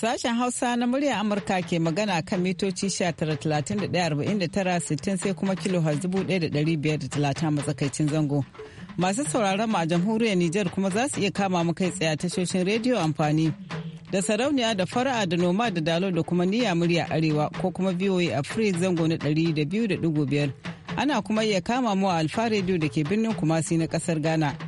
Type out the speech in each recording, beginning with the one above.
Sashen Hausa na murya Amurka ke magana kan mitoci 19,31,49,60 sai kuma kilo talatin matsakaicin zango. Masu sauraron a jamhuriyar Nijar kuma za su iya kama mu kai tsaye tashoshin rediyo amfani da sarauniya da fara'a da noma da dalo da kuma niyya murya arewa ko kuma VOA free zango na 200.5 ana kuma iya kama mu a alfa rediyo da ke birnin Kumasi na kasar Ghana.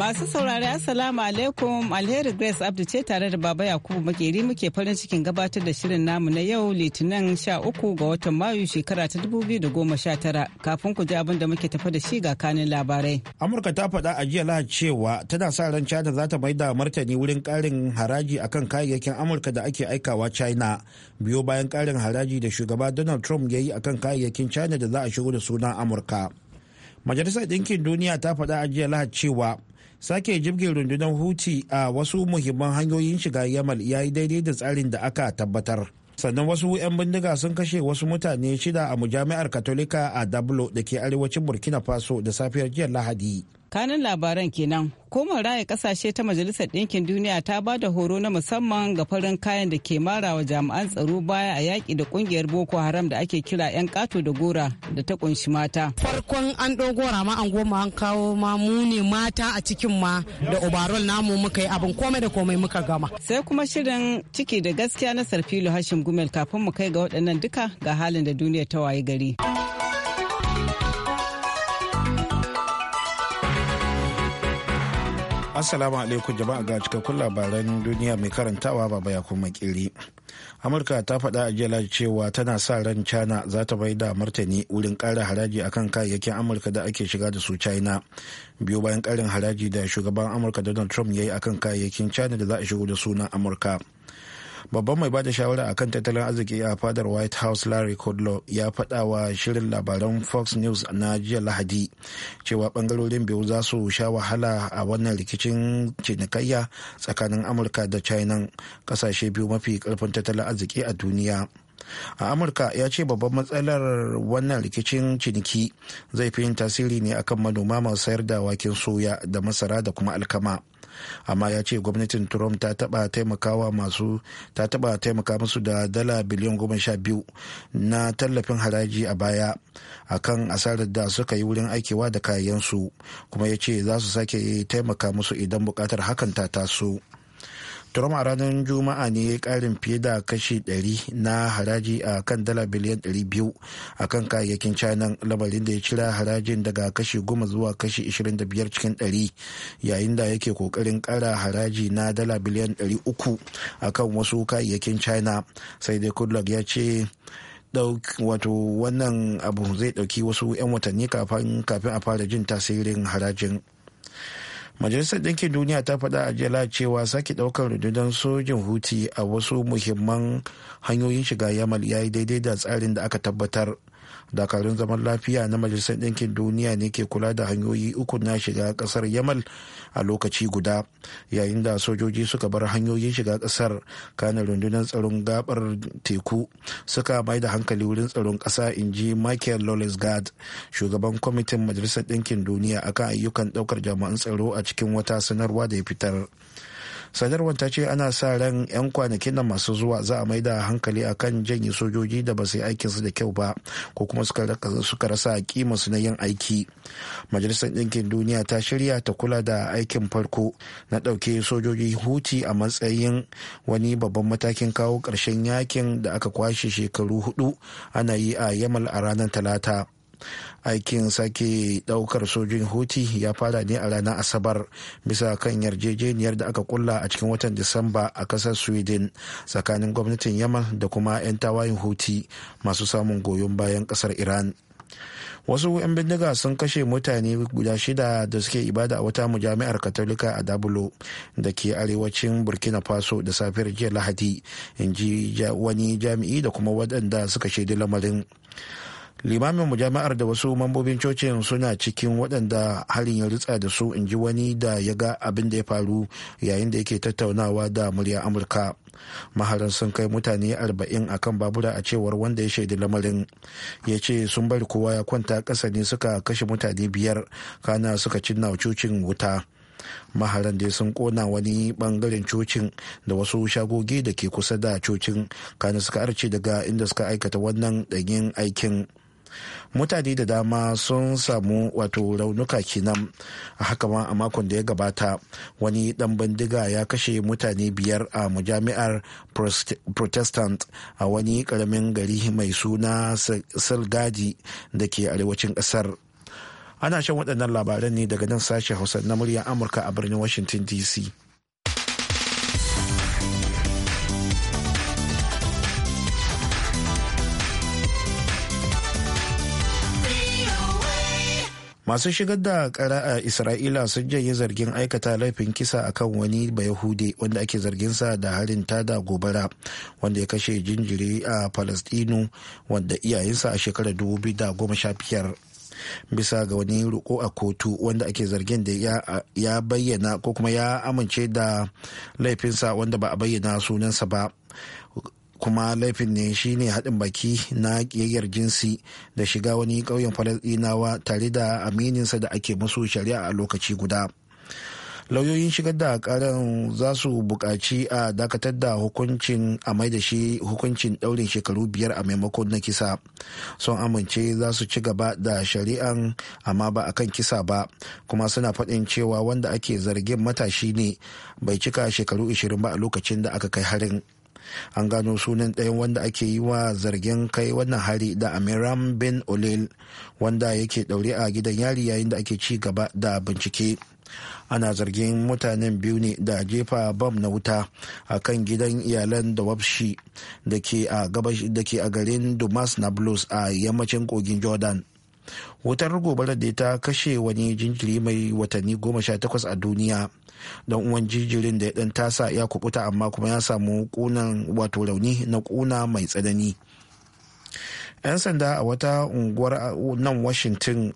Masu saurari Assalamu alaikum Alheri Grace Abdu ce tare da Baba Yakubu Makeri muke farin cikin gabatar da shirin namu na yau Litinin sha uku ga watan Mayu shekara ta dubu biyu da goma sha tara kafin ku ji abin da muke tafa da shi ga kanin labarai. Amurka ta faɗa a jiya Lahadi cewa tana sa ran China za ta da martani wurin ƙarin haraji akan kayayyakin Amurka da ake aikawa China biyo bayan ƙarin haraji da shugaba Donald Trump ya yi akan kayayyakin China da za a shigo da sunan Amurka. Majalisar Ɗinkin Duniya ta faɗa a jiya Lahadi cewa sake jibge rundunar huti a wasu muhimman hanyoyin shiga yamal ya yi daidai da tsarin da aka tabbatar sannan wasu 'yan bindiga sun kashe wasu mutane shida a mujami'ar katolika a dablo da ke arewacin burkina faso da safiyar jiya lahadi kanin labaran kenan koma raya kasashe ta majalisar ɗinkin duniya ta ba da horo na musamman ga farin kayan da ke mara wa jami'an tsaro baya a yaƙi da ƙungiyar boko haram da ake kira 'yan ƙato da gora da ta ƙunshi mata farkon an gora ma an goma an kawo ma muni mata a cikin ma da obarol namu muka yi abin komai da komai muka gama sai kuma shirin ciki da gaskiya na sarfilo hashim gumel kafin mu kai ga waɗannan duka ga halin da duniya ta waye gari. Assalamu alaikum jama'a ga cikakkun labaran duniya mai karantawa baba ya kuma kiri. Amurka ta faɗa a jela cewa tana sa ran China za ta bai da martani wurin ƙara haraji akan kayayyakin Amurka da ake shiga da su China. Biyu bayan ƙarin haraji da shugaban Amurka Donald Trump ya yi akan kayayyakin China da za a shigo da sunan Amurka. babban mai bada shawara akan tattalin arziki a fadar white house larry kudlow ya faɗa shirin labaran fox news na jiya lahadi cewa bangarorin biyu za su sha wahala a wannan rikicin cinikayya tsakanin amurka da china kasashe biyu mafi karfin tattalin arziki a duniya a amurka ya ce babban matsalar wannan rikicin ciniki zai fi yin tasiri ne akan manoma masu sayar da waken soya da masara da kuma alkama amma ya ce gwamnatin trump ta taba taimakawa masu ta taba taimaka musu da dala biliyan goma sha biyu na tallafin haraji a baya akan asarar da suka yi wurin aikewa da kayansu kuma ya ce za su sake taimaka musu idan bukatar hakan ta taso. Trump ranar Juma'a ne ya karin fiye da kashi 100 na haraji a kan dala biliyan 200 a kan kayayyakin China labarin da ya cira harajin daga kashi 10 zuwa kashi 25 cikin 100 yayin da yake kokarin kara haraji na dala biliyan 300 a kan wasu kayayyakin China sai dai Goodluck ya ce wato wannan abu zai dauki wasu 'yan watanni kafin a fara jin tasirin harajin. majalisar ɗinkin duniya ta faɗa a jela cewa sake ɗaukar rundunar sojin huti a wasu muhimman hanyoyin shiga yamal ya yi daidai da tsarin da aka tabbatar dakarun zaman lafiya na majalisar ɗinkin duniya ne ke kula da hanyoyi uku na shiga ƙasar yamal a lokaci guda yayin da sojoji suka bar hanyoyin shiga ƙasar kanin rundunar tsaron gabar teku suka mai da hankali wurin tsaron ƙasa in ji michael lawless shugaban kwamitin majalisar ɗinkin duniya akan ayyukan ɗaukar jama'an tsaro a cikin wata sanarwa da ya fitar sadarwar ta ce ana sa ran 'yan kwanakin nan masu zuwa za a mai da hankali a kan janye sojoji da ba su yi su da kyau ba ko kuma suka rasa kima su na yin aiki majalisar ɗinkin duniya ta shirya ta kula da aikin farko na ɗauke sojoji huti a matsayin wani babban matakin kawo ƙarshen yakin da aka kwashe shekaru hudu ana yi a yamal a ranar talata aikin sake daukar sojin huti ya fara ne a ranar asabar bisa kan yarjejeniyar da aka kulla a cikin watan disamba a kasar sweden tsakanin gwamnatin yaman da kuma 'yan tawayin huti masu samun goyon bayan kasar iran wasu 'yan bindiga sun kashe mutane guda shida da suke ibada a wata mujami'ar katolika a dabulo da ke arewacin burkina faso da safiyar jiya lahadi in ji wani jami'i da kuma waɗanda suka shaidi lamarin limamin mu jama'ar da wasu mambobin cocin suna cikin waɗanda halin ya ritsa da su in ji wani da ya ga abin da ya faru yayin da yake tattaunawa da murya amurka maharan sun kai mutane arba'in a kan babura a cewar wanda ya shaidi lamarin ya ce sun bari kowa ya kwanta ƙasa ne suka kashe mutane biyar kana suka cinna cocin wuta maharan dai sun kona wani bangaren cocin da wasu shagogi da ke kusa da cocin kana suka arce daga inda suka aikata wannan ɗanyen aikin mutane da dama sun samu wato raunuka kenan a haka ma a makon da ya gabata wani dan bindiga ya kashe mutane biyar a majami'ar protestant a wani karamin gari mai suna salgadi da ke arewacin kasar ana shan waɗannan labaran ne daga nan sashe hausa na muryar amurka a birnin washington dc masu shigar da kara a isra'ila sun janye zargin aikata laifin kisa akan wani bayahude wanda ake zargin sa da harin tada gobara wanda ya kashe jinjiri a palestino wanda iyayensa a shekarar da 2015 bisa ga wani riko a kotu wanda ake zargin da ya bayyana ko kuma ya amince da laifinsa wanda ba a bayyana sunansa ba kuma laifin ne shine haɗin baki na ƙiyayyar jinsi da shiga wani ƙauyen falasɗinawa tare da amininsa da ake musu shari'a a lokaci guda lauyoyin shigar da karan za su buƙaci a dakatar da hukuncin a mai da shi hukuncin ɗaurin shekaru biyar a maimakon na kisa sun amince za su ci gaba da shari'an amma ba a kan kisa ba kuma suna faɗin cewa wanda ake zargin matashi ne bai cika shekaru 20 ba a lokacin da aka kai harin. an gano sunan ɗayan wanda ake yi wa zargin kai wannan hari da amiram bin olil wanda yake ɗaure a gidan yari yayin da ake ci gaba da bincike ana zargin mutanen biyu ne da jefa bam na wuta a kan gidan iyalan da wabshi da ke a garin dumas blues a yammacin kogin jordan wutar gobarar da ta kashe wani jinjiri mai watanni 18 a duniya dan uwan jijirin da ya dan tasa ya kubuta amma kuma ya samu kunan wato rauni na kuna mai tsanani 'yan sanda a wata unguwar nan washington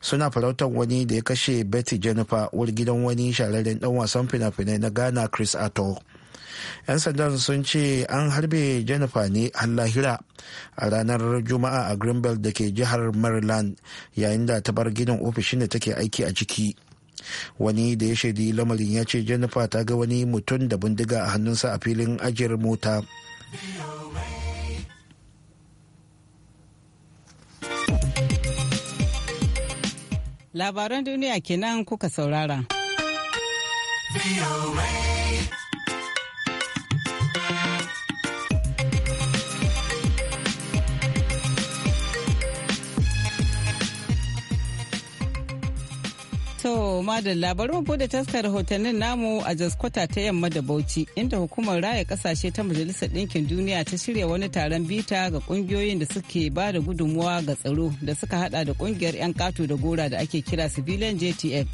suna farautar wani da ya kashe betty jennifer wani gidan wani shahararren dan wasan fina-finai na ghana chris ato 'yan sandan sun ce an harbe jennifer ne lahira a ranar juma'a a greenbelt da ke jihar maryland yayin da ta bar gidan ofishin da take aiki a ciki wani da ya shaidi lamarin ya ce jennifer ta ga wani mutum da bindiga a hannunsa a filin ajiyar mota labaran duniya kenan kuka saurara. To madalla bari mu bude taskar rahotannin namu a jaskwata ta yamma da Bauchi inda hukumar raya kasashe ta Majalisar Ɗinkin Duniya ta shirya wani taron bita ga ƙungiyoyin da suke ba da gudunmuwa ga tsaro da suka hada da ƙungiyar 'yan kato da gora da ake kira civilian JTF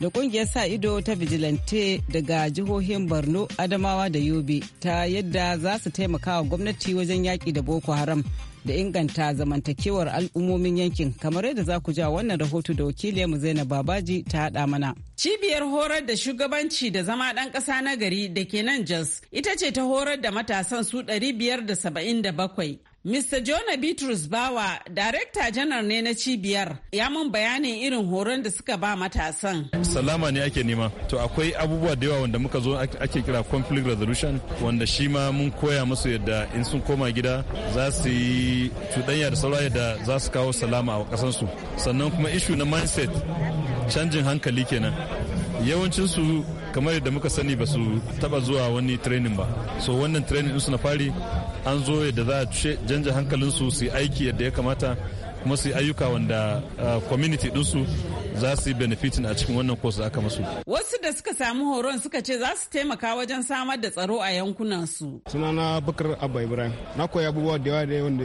da ƙungiyar sa ido ta vigilante daga jihohin Borno, Adamawa da Yobe ta yadda za su taimaka wa gwamnati wajen yaƙi da Boko Haram. da inganta zamantakewar al'ummomin yankin kamar yadda za ku ja wannan rahoto da wakiliyarmu zainab babaji ta haɗa mana cibiyar horar da shugabanci da zama ɗan ƙasa na gari da ke nan jos ita ce ta horar da matasan su 577 Mr. Jona Bitrus Bawa, Darekta janar ne na cibiyar, ya mun bayanin irin horon da suka ba matasan. Salama ne ake nema. To akwai abubuwa da yawa wanda muka zo ake kira conflict resolution wanda shi ma mun koya masu yadda in sun koma gida za su yi cuɗanya da saura yadda za su kawo salama a ƙasansu. Sannan kuma ishu na mindset canjin hankali kenan. Yawancinsu kamar yadda muka sani ba su taba zuwa wani training ba so wannan training su na fari an zo yadda za a canje hankalinsu su yi aiki yadda ya kamata kuma su yi ayyuka wanda uh, community su za su yi benefitin a cikin wannan course aka masu. Wasu da suka samu horon suka ce za su taimaka wajen samar da tsaro a yankunan su. Sunana Bakar Abba Ibrahim. Na koyi abubuwa da yawa da yawan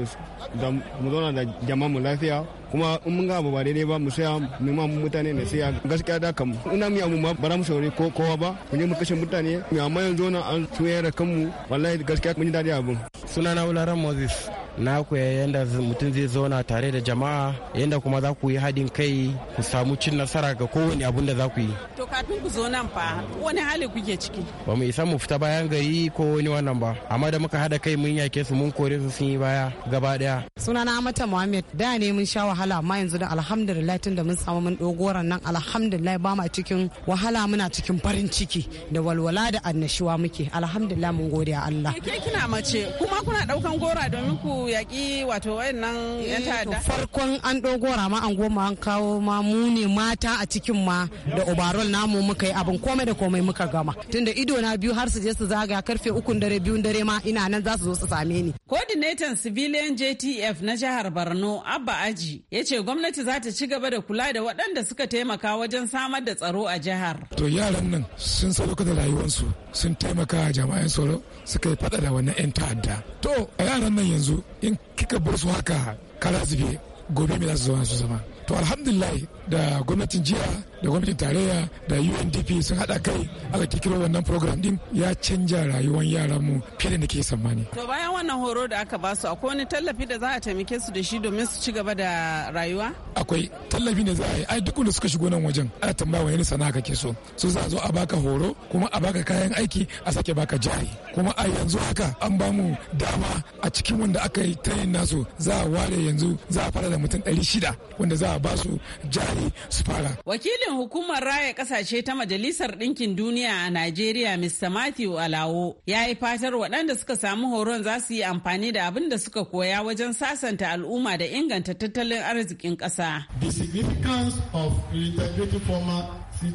da mu zauna da jama'a mu lafiya kuma in mun ga abu ba daidai ba mu saya mu ma mutane ne sai gaskiya da kanmu ina miya mu ba za mu saurari ko kowa ba mu je mu kashe mutane mu amma yanzu na an tsuyar da kanmu wallahi gaskiya mun ji dadi abin sunana Wularan Moses na koya yadda mutum zai zauna tare da jama'a yadda kuma za ku yi haɗin kai ku samu cin nasara ga kowane abun da za ku yi. To kafin ku zo nan fa wani hali kuke ciki? Ba mu isa mu fita bayan gari ko wani wannan ba amma da muka haɗa kai mun yake su mun kore su sun yi baya gaba ɗaya. Sunana Amata Muhammad da ne mun sha wahala amma yanzu da alhamdulillah tun da mun samu mun dogoran nan alhamdulillah ba a cikin wahala muna cikin farin ciki da walwala da annashuwa muke alhamdulillah mun gode a Allah. Ke kina mace kuma kuna ɗaukan gora domin ku yaƙi wato wayannan yan eh, ta'adda farkon an dogo rama an goma an kawo ma mu ne mata a cikin ma da obarol namu muka yi abin komai da komai muka gama tunda ido na biyu har su je su zaga karfe uku dare biyun dare ma ina nan za su zo su same ni coordinator civilian JTF na jihar Borno Abba Aji yace gwamnati za ta ci gaba da kula da waɗanda suka taimaka wajen samar da tsaro a jihar to yaran nan sun sadaukar da rayuwarsu sun taimaka jama'an tsaro suka yi fada da wannan 'yan ta'adda to a yaran nan yanzu in kika bar su haka kala zube gobe me za su zama su zama to alhamdulillah da gwamnatin jiya da gwamnatin tarayya da UNDP sun hada kai aka kikiro wannan program din ya canja rayuwar yaran mu fiye da nake tsammani. To bayan wannan horo da aka ba su akwai wani tallafi da za a taimake su da shi domin su ci gaba da rayuwa? Akwai tallafi da za a yi ai duk wanda suka shigo nan wajen ana tambaya wani sana'a kake so. su za a zo a baka horo kuma a baka kayan aiki a sake baka jari kuma a yanzu haka an ba mu dama a cikin wanda aka yi ta yin nasu za a ware yanzu za a fara da mutum shida wanda za a ba su jari su fara. Wakilin hukumar raya kasashe ta Majalisar Ɗinkin Duniya a Najeriya Mr. Matthew Alawo ya yi fatar waɗanda suka samu horon za su yi amfani da abin da suka koya wajen sasanta al'umma da inganta tattalin arzikin ƙasa. The significance of reintegrating former and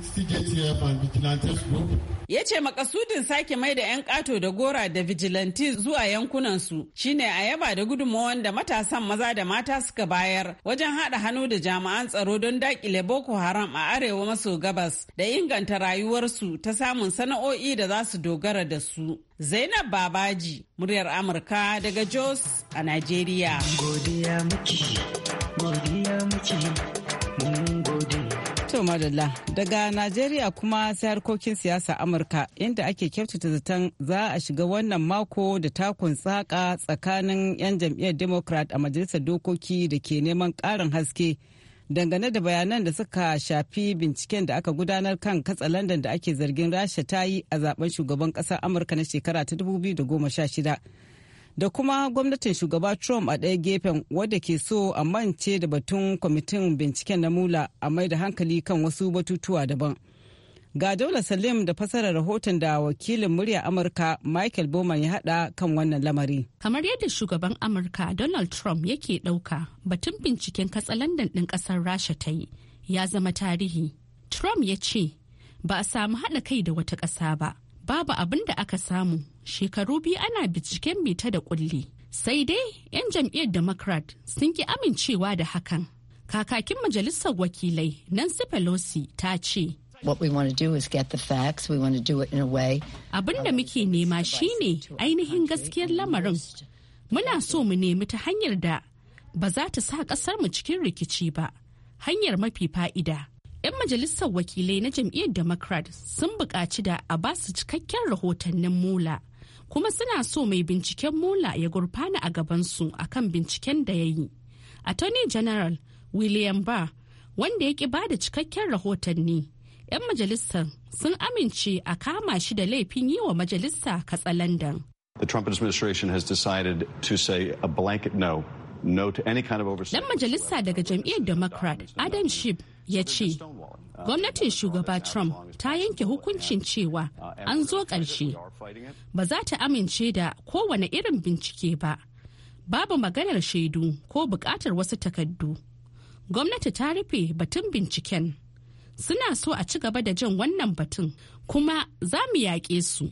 Ya ce makasudin sake mai da 'yan ƙato da gora da vigilanti zuwa yankunansu shine a yaba da gudunmawar da matasan maza da mata suka bayar wajen haɗa hannu da jami'an tsaro don dakile Boko Haram a arewa maso gabas da inganta rayuwarsu ta samun sana'o'i da za su dogara da su. Zainab Babaji, muryar Amurka daga Jos a Najeriya. Godiya muke, madalla daga Najeriya kuma sai harkokin siyasa Amurka inda ake kyautata zaton za a shiga wannan mako da takun tsaka tsakanin 'yan jam'iyyar Democrat a majalisar dokoki da ke neman ƙarin haske dangane da bayanan da suka shafi binciken da aka gudanar kan katsalandan da ake zargin rasha ta yi a zaben shugaban ƙasar Amurka na shekara ta 2016. da kuma gwamnatin shugaba Trump a ɗaya gefen wadda ke so a mance da batun kwamitin binciken na mula a mai da hankali kan wasu batutuwa daban. Ga Daula Salim da fasarar rahoton da wakilin murya Amurka Michael boman ya hada kan wannan lamari. Kamar yadda shugaban Amurka Donald Trump yake ɗauka batun binciken katsalandan ɗin ƙasar Rasha ta yi ya zama tarihi. Trump ya ce ba a samu haɗa kai da wata ƙasa ba babu abin da aka samu shekaru biyu ana binciken bita da kulli sai dai 'yan jam'iyyar democrat sun ki amincewa da hakan kakakin majalisar wakilai nancy pelosi ta ce abin da muke nema shine ainihin gaskiyar lamarin muna so mu nemi ta hanyar da ba za ta sa mu cikin rikici ba hanyar mafi fa'ida 'yan majalisar wakilai na jam'iyyar democrat sun buƙaci da a ba su cikakken rahotannin mula kuma suna so mai binciken mula ya gurfana a gabansu akan binciken da ya yi attorney general william barr wanda ya ki ba da cikakken rahotanni 'yan majalisar sun amince a kama shi da laifin yi wa majalisa katsalandan The Trump administration has decided to say a blanket no Dan majalisa daga jam'iyyar Democrat Adam Schiff ya ce gwamnatin shugaba trump ta yanke hukuncin cewa an zo ƙarshe ba za ta amince da kowane irin bincike ba babu maganar shaidu ko buƙatar wasu takardu gwamnati ta rufe batun binciken suna so a ci gaba da jin wannan batun kuma za mu yaƙe su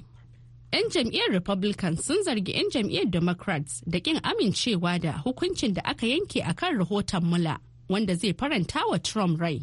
'yan jam'iyyar republican sun zargi 'yan jam'iyyar democrats da ƙin amincewa da hukuncin da aka yanke a kan rahoton mula wanda zai faranta wa Trump rai.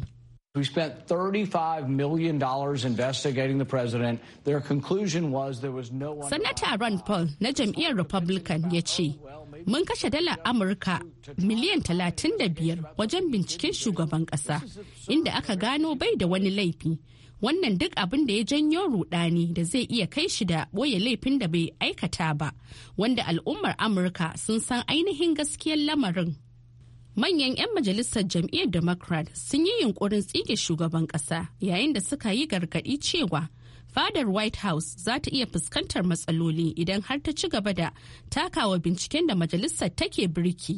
We spent $35 million investigating the president. Their was there no one. Sanata Ron Paul na jam'iyyar Republican ya ce, Mun kashe dalar Amurka miliyan 35 wajen binciken shugaban ƙasa, inda aka gano bai da wani laifi. Wannan duk abin da ya janyo rudani da zai iya kai shi da ɓoye laifin da bai aikata ba, wanda al'ummar Amurka sun san ainihin gaskiyar lamarin. manyan 'yan majalisar jam'iyyar democrat sun yi yunkurin tsige shugaban kasa yayin da suka yi gargadi cewa fadar white house za ta iya fuskantar matsaloli idan har ta ci gaba da takawa binciken da majalisar take birki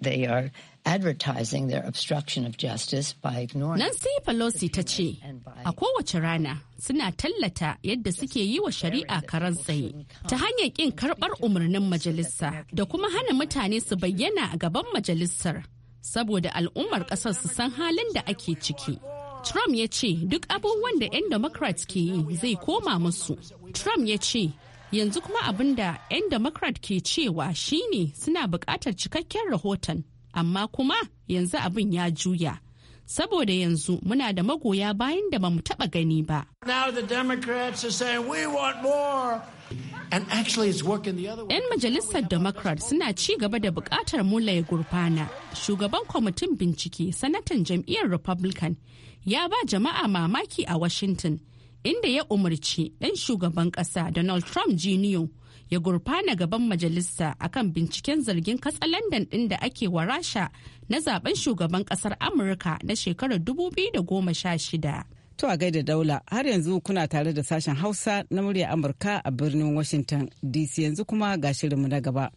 They are advertising their obstruction of justice by ignoring Nancy Pelosi ta ce a kowace rana suna tallata yadda suke yi wa shari'a karan tsaye ta hanyar kin karbar umarnin majalisa da kuma hana mutane su bayyana a gaban majalisar saboda al'ummar kasar su san halin da ake ciki. Trump ya ce duk abubuwan da 'yan Democrats ke yi zai koma musu. Trump ya ce yanzu kuma abin da 'yan democrat ke cewa shine suna bukatar cikakken rahoton amma kuma yanzu abin ya juya saboda yanzu muna da magoya bayan da bamu taɓa gani ba. ‘Yan majalisar Democrat suna ci gaba da bukatar mula gurfana. Shugaban kwamitin bincike, sanatan jam'iyyar Republican, ya ba jama'a mamaki a Washington. inda ya umarci ɗan shugaban ƙasa Donald Trump Jr. ya gurfana gaban majalisa akan binciken zargin katsalandan ɗin da ake wa rasha na zaben shugaban ƙasar amurka na shekarar 2016 To a gaida daula har yanzu kuna tare da sashen hausa na murya amurka a birnin washington dc yanzu kuma ga shirinmu na gaba.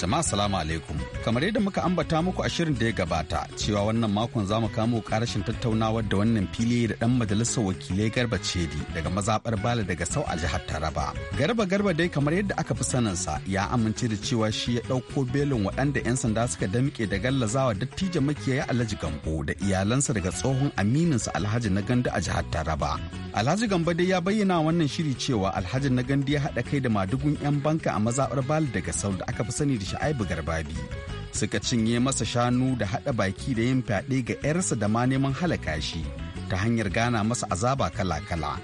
jama'a salamu alaikum kamar yadda muka ambata muku a shirin da ya gabata cewa wannan makon za mu kamo karashin tattaunawar da wannan fili da dan majalisar wakilai garba cedi daga mazabar bala daga sau a jihar taraba garba garba dai kamar yadda aka fi saninsa ya amince da cewa shi ya ɗauko belin waɗanda 'yan sanda suka damƙe da gallazawa dattijan makiyaya alhaji gambo da iyalansa daga tsohon amininsa alhaji na gandu a jihar taraba alhaji gambo dai ya bayyana wannan shiri cewa alhaji na gandu ya haɗa kai da madugun 'yan banka a mazabar bala daga sau da aka fi sani da sha'ibu garbabi suka cinye masa shanu da haɗa baki da yin fyaɗe ga 'yarsa da ma neman halaka shi ta hanyar gana masa azaba kala-kala.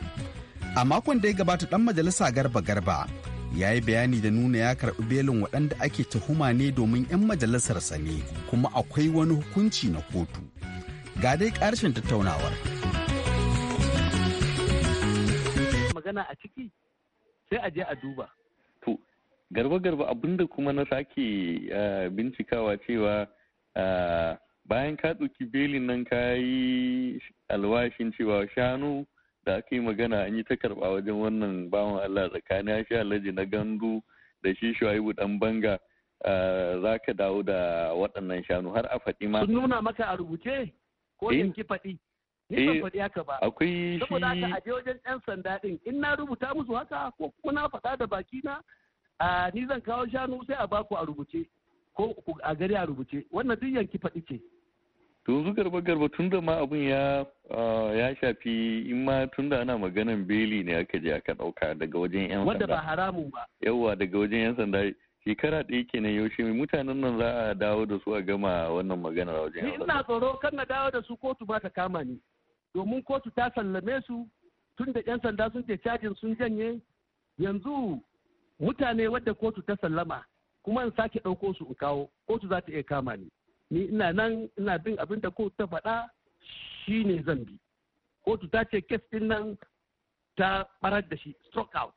A makon da ya gabata ɗan majalisa garba-garba ya yi bayani da nuna ya karɓi belin waɗanda ake tuhuma ne domin 'yan majalisarsa ne kuma akwai wani hukunci na kotu. Ga dai ƙarshen tattaunawar. Magana a ciki sai a je a duba. garba garba abinda kuma na sake eh, bincikawa cewa eh, bayan ka ɗauki belin nan ka yi alwashin cewa shanu da aka yi magana an yi ta karɓa wajen wannan bawan Allah tsakanin shi alhaji na gandu da shi shuaibu dan banga eh, za ka dawo da waɗannan shanu har a faɗi ma. Sun nuna maka a rubuce ko yin ki faɗi. Ni ban faɗi haka ba. Akwai shi. Saboda haka a je wajen 'yan sanda ɗin in na rubuta musu haka ko kuma na faɗa da baki na a ni zan kawo shanu sai a baku a rubuce ko a gari a rubuce wannan duk yanki faɗi ce to yanzu garba garba tun da ma abun ya ya shafi in ma tun da ana maganan beli ne aka je aka ɗauka daga wajen yan sanda wanda ba haramun ba yawa daga wajen yan sanda shekara ɗaya kenan yaushe mutanen nan za a dawo da su a gama wannan magana a wajen yan ina tsoro kan na dawo da su kotu ba ta kama ni domin kotu ta sallame su tun da yan sanda sun je cajin sun janye yanzu mutane wadda kotu ta sallama kuma in sake ɗauko su in kawo kotu za ta iya kama ni ni ina nan ina bin abin da kotu ta faɗa shine zan bi kotu ta ce kes din nan ta barar da shi stroke out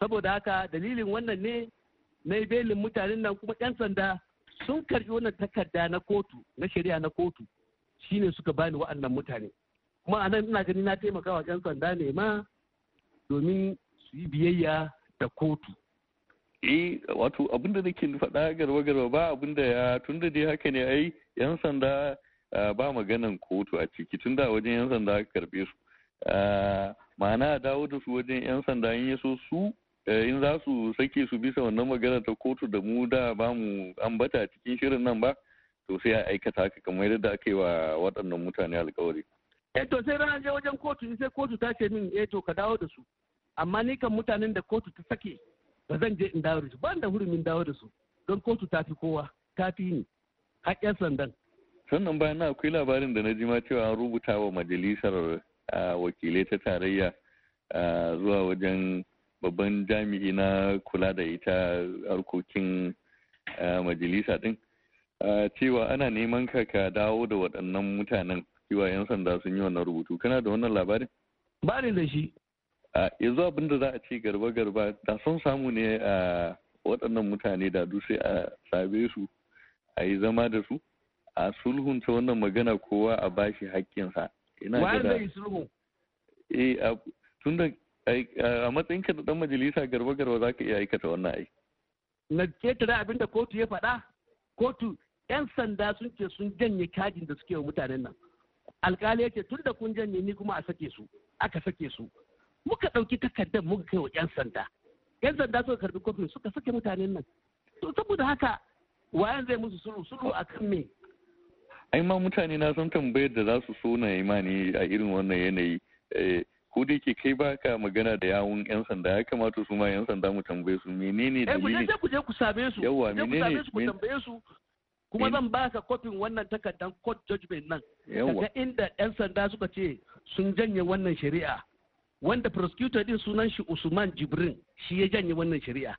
saboda haka dalilin wannan ne na belin mutanen nan kuma 'yan sanda sun karbi wannan takarda na kotu na shari'a na kotu shine suka bani wa'annan mutane kuma anan ina gani na taimaka wa 'yan sanda ne ma domin su yi biyayya da kotu eh wato abin da nake faɗa garba garba ba abin da ya tunda dai haka ne ai yan sanda ba maganan kotu a ciki tunda wajen yan sanda aka karbe su ma'ana dawo da su wajen yan sanda in yaso su in za su sake su bisa wannan magana ta kotu da mu da ba mu ambata cikin shirin nan ba to sai a aikata haka kamar yadda aka yi wa waɗannan mutane alkawari. eh to sai ranar je wajen kotu sai kotu ta ce min eh to ka dawo da su amma ni kan mutanen da kotu ta sake ba zan je in dawo da su ban da hurumin dawo da su don kotu ta fi kowa ta fi ni haƙƙin sandan sannan bayan na akwai labarin da na ji ma cewa an rubuta wa majalisar wakilai ta tarayya zuwa wajen babban jami'i na kula da ita harkokin majalisa din cewa ana neman ka ka dawo da waɗannan mutanen cewa 'yan sanda sun yi wannan rubutu kana da wannan labarin ba da shi yanzu abin da za a ce garba-garba da sun samu ne a waɗannan mutane da sai a sabe su a yi zama da su a sulhunta wannan magana kowa a bashi haƙƙinsa. Wa zai sulhu? Eh, tun da a ka da ɗan majalisa garba-garba za ka iya aikata wannan ai. Na ketare abinda kotu ya faɗa? Kotu 'yan sanda sun ce sun janye kajin da suke wa mutanen nan. Alƙali ya ce tun da kun janye ni kuma a sake su, aka sake su. muka ɗauki takardar muka kai wa 'yan sanda yan sanda suka karbi kofin suka sake mutanen nan to saboda haka wayan zai musu sulu a akan me ai ma mutane na san tambayar da za su so na imani a irin wannan yanayi eh, ko da yake kai baka magana da yawun yan sanda ya kamata su ma yan sanda mu tambaye su menene da eh, ku je ku je ku same su menene ku tambaye su kuma zan baka kofin wannan takardar court judgment nan daga inda yan sanda suka ce sun janye wannan shari'a wanda prosecutor din sunan shi usman jibrin shi ya janye wannan shari'a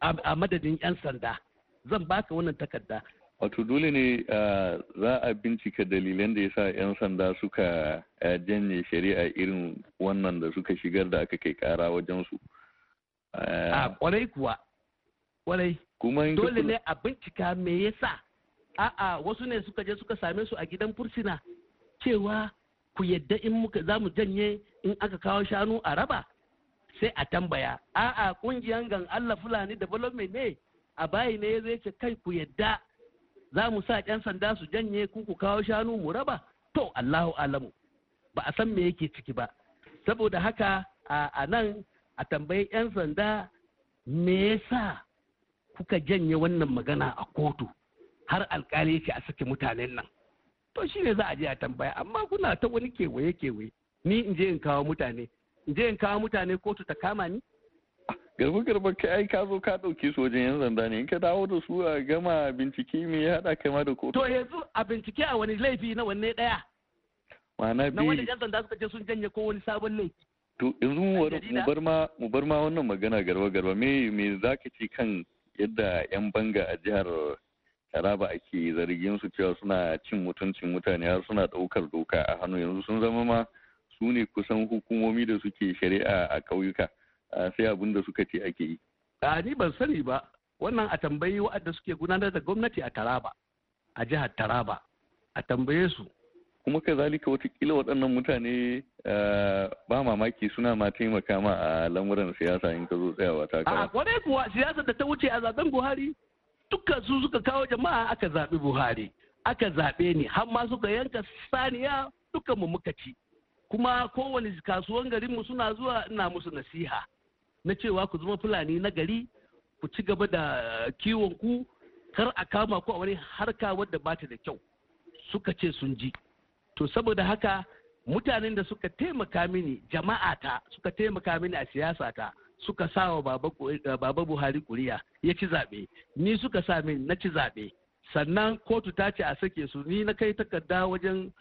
a madadin 'yan sanda zan baka wannan takarda wato dole ne za a bincika dalilan da ya sa 'yan sanda suka janye shari'a irin wannan da suka shigar da aka kai kara wajensu a kwarai kuwa kwarai dole ne a bincika me yasa a'a wasu ne suka je suka same su a gidan fursuna cewa ku yadda in muka za mu janye in aka kawo shanu a raba sai a tambaya a'a kungiyan gan Allah Fulani da development ne a bayi ne zai ce kai ku yadda za mu sa ƴan sanda su janye ku ku kawo shanu mu raba to Allahu alamu ba a san me yake ciki ba saboda haka a nan a tambayi ƴan sanda me yasa kuka janye wannan magana a kotu har alkali yake a saki mutanen nan to shi ne za a je a tambaya amma kuna ta wani kewaye kewaye ni in je in kawo mutane in je in kawo mutane kotu ta kama ni garba garba kai ai ka zo ka dauke su wajen yan zanda ne in ka dawo da su a gama bincike me ya hada kai ma da kotu to yanzu a bincike a wani laifi na wanne daya ma'ana bi na wani yan zanda suka je sun janye ko wani sabon laifi to yanzu mu bar ma mu bar ma wannan magana garba garba me me zaka ce kan yadda yan banga a jihar raba ake zargin su cewa suna cin mutuncin mutane har suna daukar doka a hannu yanzu sun zama ma su ne kusan hukumomi da suke shari'a a ƙauyuka sai abin da suka ce ake yi. A ni ban sani ba wannan a tambayi wa'adda suke gudanar da gwamnati a Taraba a jihar Taraba a tambaye su. Kuma kazalika watakila waɗannan mutane ba mamaki suna ma taimaka ma a lamuran siyasa in ka zo tsayawa takara. A kwarai kuwa siyasar da ta wuce a zaben Buhari duka su suka kawo jama'a aka zaɓi buhari aka zaɓe ni har ma suka yanka saniya duka mu muka ci kuma kowane kasuwan garinmu suna zuwa ina musu nasiha na cewa ku zama fulani na gari ku ci gaba da kiwon ku kar a kama ku a wani harka wadda ba ta da kyau suka ce sun ji to saboda haka mutanen da suka taimaka mini jama'ata suka taimaka mini a siyasa ta. suka sa wa eh, baba buhari kuriya ya ci zaɓe ni suka sa min na ci zaɓe sannan kotu ta ce a sake su ni na kai takarda wajen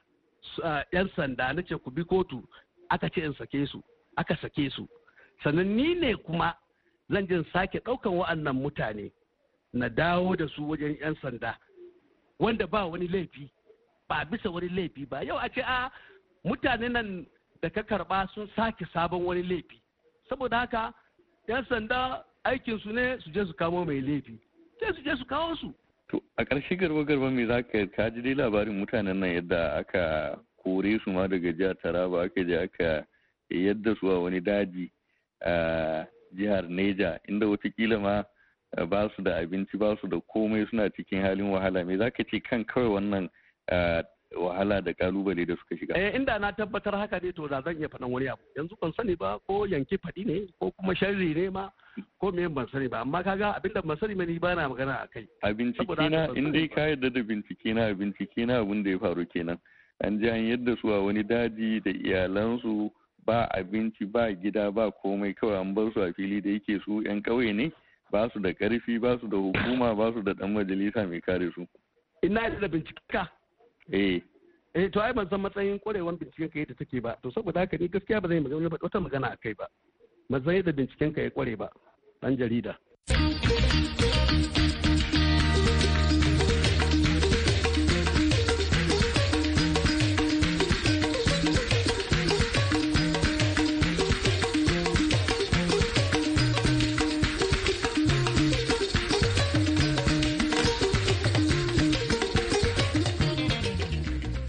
yan sanda na ce ku bi kotu aka ce in sake su aka sake su sannan ni ne kuma zan jin sake ɗaukan wa'annan mutane na dawo da su wajen 'yan sanda wanda ba wani laifi ba bisa wani laifi ba yau a ce a ah, mutane nan da ka karɓa sun sake sabon wani laifi saboda haka 'yan sanda aikinsu ne su je su kamo mai laifi sai su je su kawo su to a ƙarshe garba garba me za ka ka ji dai labarin mutanen nan yadda aka kore su ma daga jihar taraba aka je aka yadda su a wani daji a jihar neja inda watakila ma eh, ba su da abinci ba su da komai suna cikin halin wahala me za ka ce kan kawai wannan eh, wahala da kalubale da suka shiga. Eh, inda na tabbatar haka ne to da zan iya faɗan wani abu yanzu ban sani ba ko yanki faɗi ne ko kuma sharri ne ma ko me ban sani ba amma kaga abinda ban sani ba ni ba na magana a kai. A bincike na in dai ka yarda da bincike na a bincike na abin da ya faru kenan an ji an yadda su a wani daji da iyalansu ba abinci ba gida ba komai kawai an bar su a fili da yake su 'yan ƙauye ne ba su da ƙarfi ba su da hukuma ba su da ɗan majalisa mai kare su. Ina da ka. eh eh to ai ban san matsayin kwarewar binciken ka yadda take ba to saboda haka ni gaskiya ba zai magana ba wata magana akai ba matsayin da binciken ka ya kware ba dan jarida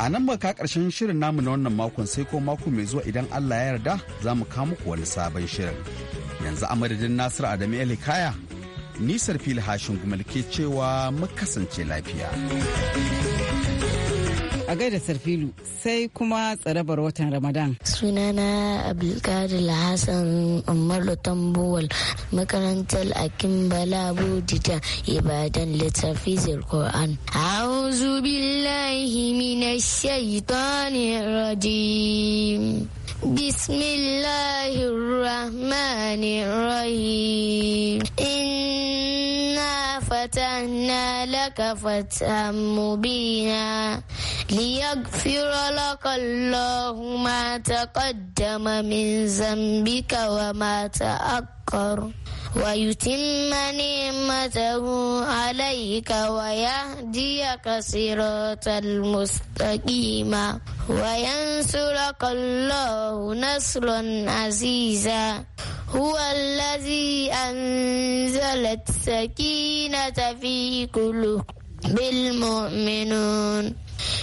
a nan ka karshen shirin namu na wannan makon sai ko mako mai zuwa idan allah ya yarda za mu kawo muku wani sabon shirin yanzu a madadin nasiru adamu elikaya nisar fili hashin gumal ke cewa mu kasance lafiya a gaida sarfilu sai kuma tsarabar watan ramadan sunana abdulkadir hassan umar tambuwal makarantar akin balabu dita ibadan littafi zirko'an a'udhu billahi minash shaitanir rajim بسم الله الرحمن فتحنا لك فتحا مبينا ليغفر لك الله ما تقدم من ذنبك وما تأخر ويتم نعمته عليك ويهديك صراطا مستقيما وينصرك الله نصرا عزيزا هو الذي أن نزلت سكينة في قلوب بالمؤمنون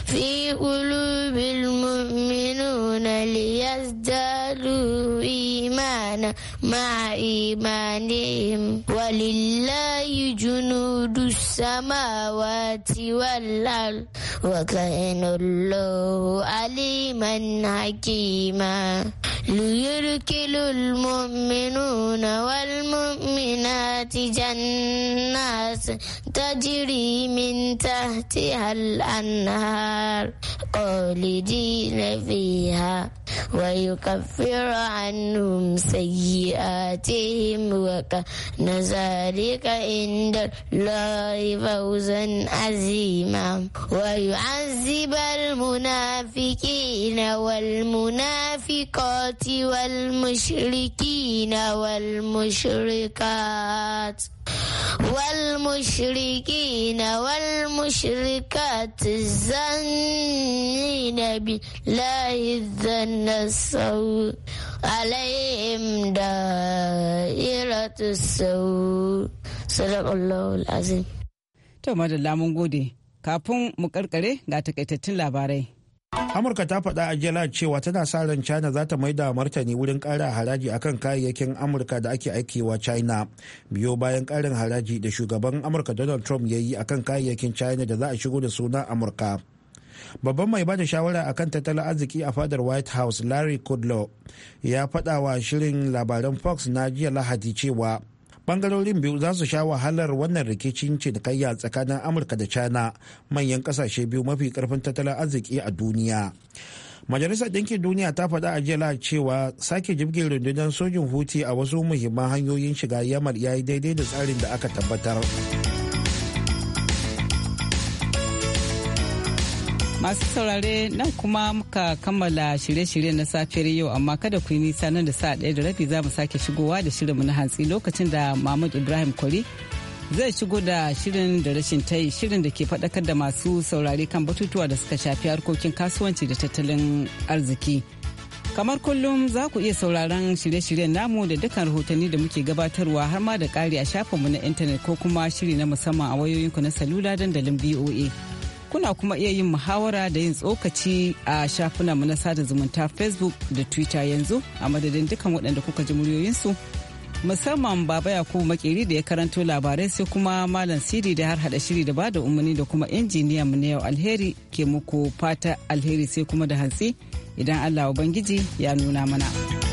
في قلوب المؤمنون ليزدادوا إيمانا مع إيمانهم ولله جنود السماوات والأرض وكان الله عليما حكيما ليركل المؤمنون والمؤمنات جنات تجري من تحتها الأنهار خالدين فيها ويكفر عنهم سيئاتهم وكان ذلك عند الله فوزا عظيما ويعذب المنافقين والمنافقات والمشركين والمشركات والمشركين والمشركات الزنين بالله الذن السوء عليهم دائرة السوء صدق الله العظيم. تو madalla mun gode, كابون mu karkare ga لاباري amurka ta faɗa a jela cewa tana sa ran china za ta maida martani wurin ƙara haraji akan kayayyakin amurka da ake aikewa china biyo bayan ƙarin haraji da shugaban amurka donald trump ya yi akan kayayyakin china da za a shigo da suna amurka babban mai bada shawara akan tattalin arziki a fadar white house larry kudlow ya faɗa shirin labaran fox na jiya lahadi cewa bangarorin biyu za su sha wahalar wannan rikicin cinikayya tsakanin amurka da china manyan kasashe biyu mafi karfin tattalin arziki a duniya majalisar ɗinkin duniya ta faɗa a jela cewa sake jirgin rundunar sojin huti a wasu muhimman hanyoyin shiga yamar ya yi daidai da tsarin da aka tabbatar. Masu saurare nan kuma muka kammala shirye-shirye na safiyar yau amma kada ku yi nisa nan da sa ɗaya da rabi za mu sake shigowa da shirinmu na hantsi lokacin da Mahmud Ibrahim Kwari zai shigo da shirin da rashin tayi shirin da ke faɗakar da masu saurare kan batutuwa da suka shafi harkokin kasuwanci da tattalin arziki. Kamar kullum za ku iya sauraron shirye-shiryen namu da dukkan rahotanni da muke gabatarwa har ma da ƙari a shafinmu na intanet ko kuma shiri na musamman a wayoyinku na salula dandalin BOA. kuna kuma iya yin muhawara da yin tsokaci a shafinanmu na sada zumunta facebook da twitter yanzu a madadin dukkan waɗanda kuka ji muryoyinsu musamman baba yakubu makeri da ya karanto labarai sai kuma malam siri da har hada shiri da ba da umarni da kuma injiniyan mu na yau alheri ke muku fata alheri sai kuma da hantsi idan allah ubangiji ya nuna mana.